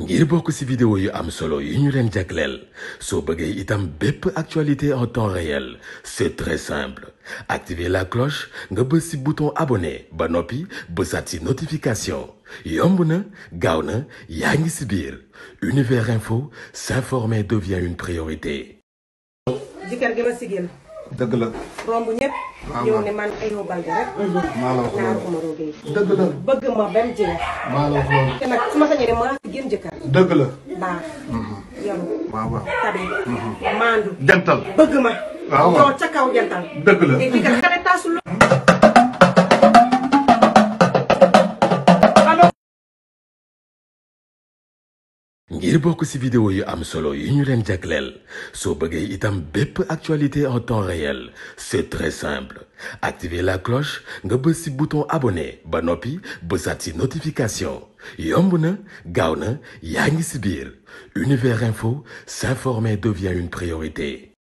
ngir bokk ci vidéo yu am solo yi ñu leen jagleel soo bëggee itam bépp actualité en temps réel c'est très simple activer la cloche nga bës ci bouton abonné ba noppi bësaat ci notification yomb na gaaw na yaa ngi ci biir univers info s'informer devient une priorité. jëkkër gi ma dëgg la. romb ñëpp. Ah, ñëw ne man Ayo Balde mhm. maa la wax dëgg la bëgg ma ba mu maa la wax loolu. te nag su ma sañee maa dëgg la. baax. Mhm. yaru. waaw waaw mhm. jantal bëgg ma. waaw waaw jantal. dëgg la te fii kat xale taasul ngir bokk si vidéo yu am solo yu ñu leen jagleel soo bëggee itam bépp actualité en temps réel c'est très simple activer la cloche nga bës si bouton abonné ba noppi bësaat ci notification yomb na gaaw na yaa ngi ci biir univers info s'informer devient une priorité